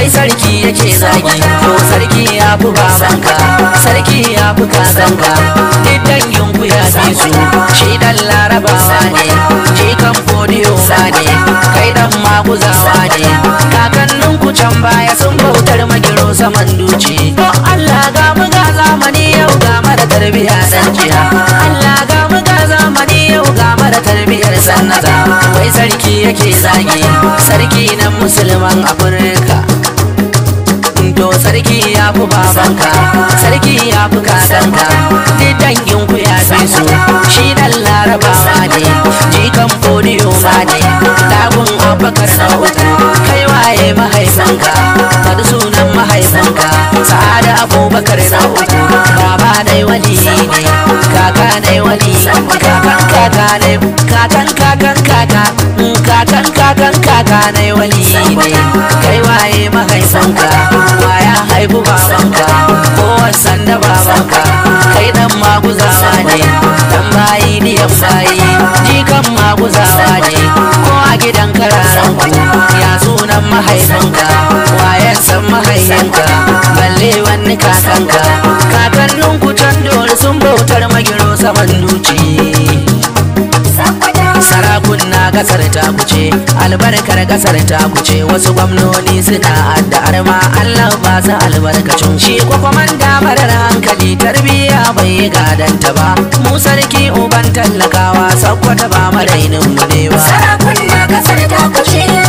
sai sarki yake zagi to sarki ya fi babanka sarki ya fi kazanka duk dangin ku ya fi su shi dan larabawa ne shi kan fodiyo ma ne kai dan maguzawa ne kakannin ku can baya sun bautar magiro saman duci Allah ga mu ga zamani yau ga mara tarbiya dan jiya Allah ga mu ga zamani yau ga mara tarbiyar sannata wai sarki yake zagi sarki na musulman Afirka to sarki ya fi babanka sarki ya fi kakanka duk dangin ku ya fi su shi dan larabawa ne jikan podiyo ma ne dagun abakar sa'udu kai waye mahaifanka bari sunan mahaifanka sa'ada abubakar sa'udu baba dai wali ne kaka dai wali kaka kaka dai kakan kakan kaka mm, kakan kakan kaka dai wali ne Waye mahaifinka wa ya haifu babanka ko wasan da babanka kai dan maguzawa ne dan bayi diyan bayi jikan maguzawa ne ko a gidan kararanku ya sunan mahaifinka wayan san mahaifinka balle wani kakanka kakanninku can dole sun bautar magiro saman duci kasar ta kuce albarkar kasar ta kuce wasu gwamnoni suna addu'ar arma Allah ba su albarkacin shi ko komanda marar hankali tarbiya bai gadanta ba mu sarki uban tallakawa sakkwata ba marainin mu ne ba sarakun na kasar ta kuce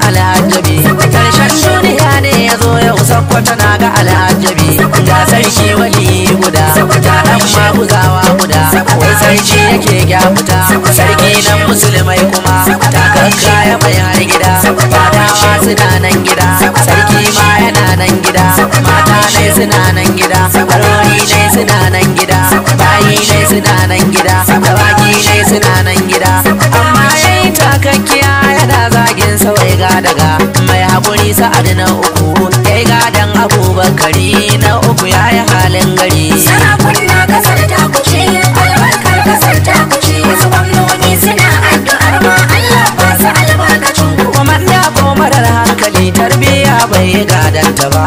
ga al'ajabi karshen duniya ne ya zo yau sakwa tana ga al'ajabi ga sarki wali guda ga dan maguzawa guda wai sarki yake gyafuta sarki na musulmai kuma takakka ya har gida fadawa suna nan gida sarki ma yana nan gida mata ne suna nan gida barori ne suna nan gida bayi ne suna nan gida dawaki ne suna nan gida amma yayi takakkiya yana zagin sau daga mai hakuri sa'ad na uku kai gadon abubakari na uku ya yi halin gari kunna kasar ta kuce albarkar kasar ta kuce wasu gwamnoni suna addu'ar ma Allah ba su albarkacin ku kuma ta ko marar hankali tarbiyya bai ta ba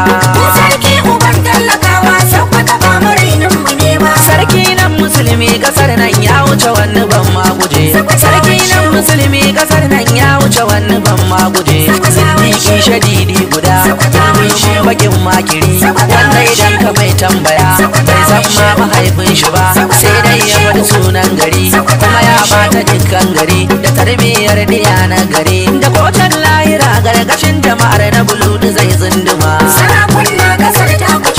musulmi kasar nan ya wuce wani ban ma guje sarki na musulmi kasar nan ya wuce wani ban ma guje sindiki shadidi guda domin shi bakin makiri wanda idan ka mai tambaya bai san ma mahaifin shi ba sai dai ya wani sunan gari kuma ya bata dukkan gari da tarbiyyar diya na gari da kotun lahira gargashin jama'ar na buludu zai zunduma sarakun na kasar ta kuce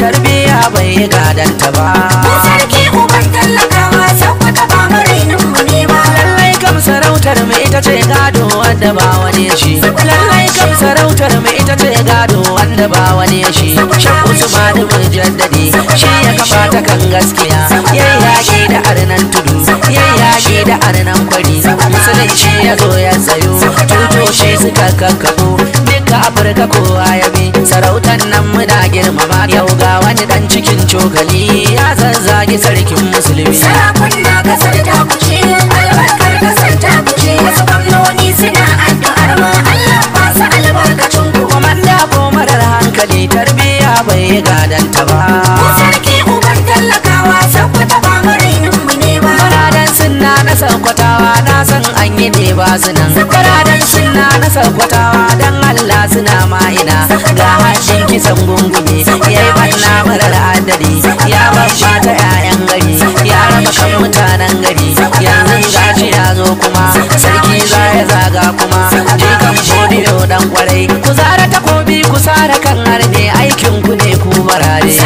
tarbiya bai gadanta ba sarki uban tallakawa ba marinin ne ba lallai kam sarautar mu ita ce gado wanda ba wani shi lallai kam sarautar mu ita ce gado wanda ba wani shi shan usman bin shi ya kafa ta kan gaskiya yayi yaki da arnan tudu yayi yaki da arnan kwari musulunci ya zo ya tsayo tuto shi suka kakkabo afirka kowa ya bi sarautar nan muna girmama yau ga wani dan cikin cokali ya zazzagi sarkin musulmi sarakun na kasar ta kuce albarkar kasar ta kuce wasu gwamnoni suna addu'ar ma allah ba su albarkacin ku komanda ko marar hankali tarbiya bai ta ba sarki uban tallakawa sakwata ba marainin mu ne ba muradan sunna na sakwatawa na san an yi ne ba sunan. nan na sarkwatawa dan Allah suna ma'ina ga hashin kisan gungume ya yi banna marar adadi ya babba ta 'ya'yan gari ya raba mutanen gari yanzu gashi ya zo kuma sarki za ya zaga kuma jikan godiyo dan kwarai ku zara takobi ku sara kan harbe aikin ku ne ku barare.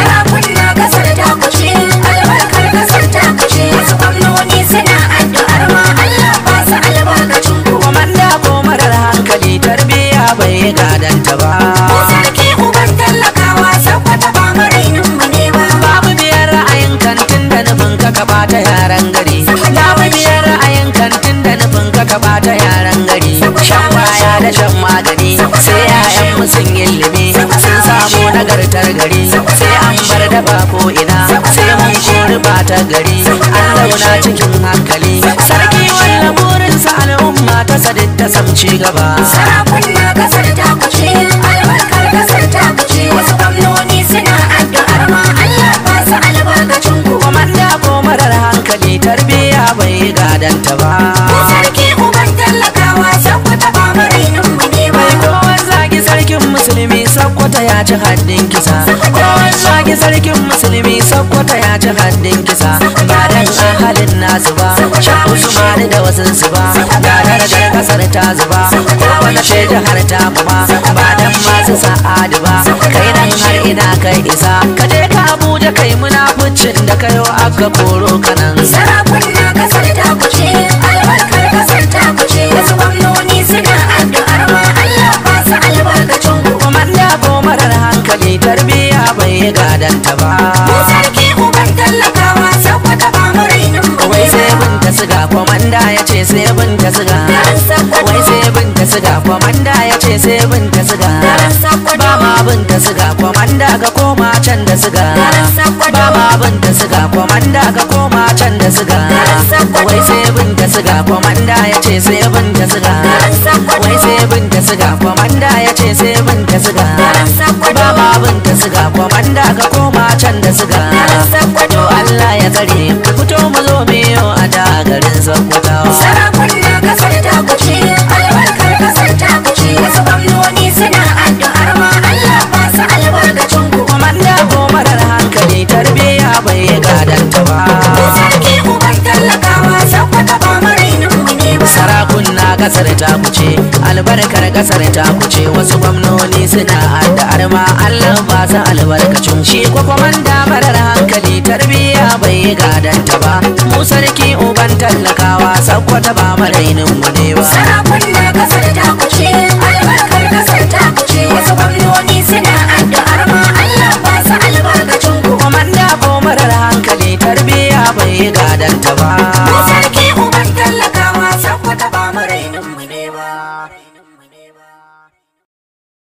ko'ina sai mun shiri ba ta gari an zauna cikin hankali sarki wannan burinsa al'umma ta sadin ta samci gaba sarakuna ƙasar ta kuce albarkar kasar ta kuce wasu gwamnoni suna addu'ar ma Allah ba su albarkacin da ko marar hankali tarbiyya bai yi gadanta ba sakwata ya ci haddin kisa kowan shagi sarkin musulmi sakwata ya ci haddin kisa ba dan ahalin nasu ba sha usmani da wasu su ba ga darajar kasar ta zuba kowane shi har ta kuma ba dan masu sa'adu ba kai nan har ina kai isa ka je ka abuja kai munafucin da kayo aka koro kanan mai tarbiya bai yi gadanta ba sarki uban tallakawa saboda ba mu wai sai bin ta siga komanda ya ce sai bin ta siga wai sai bin ta siga komanda ya ce sai bin ta siga ba abin da siga komanda ga koma can da siga ba ma abin da siga komanda ga koma can da siga wai sai bin da siga komanda ya ce sai bin da siga wai sai bin da siga komanda ya ce sai bin da siga ba ma abin da siga komanda ga koma can da siga to Allah ya tsare ku fito mu zo miyo a da garin Sokoto sarakun da kasar ta kuce kasar ta kuce albarkar kasar ta kuce wasu gwamnoni suna addu'ar arma Allah ba su albarkacin shi ko komanda marar hankali tarbiyya bai yi gadanta ba mu sarki uban tallakawa sakwata ba marainin mu ne ba sarakun da kasar ta kuce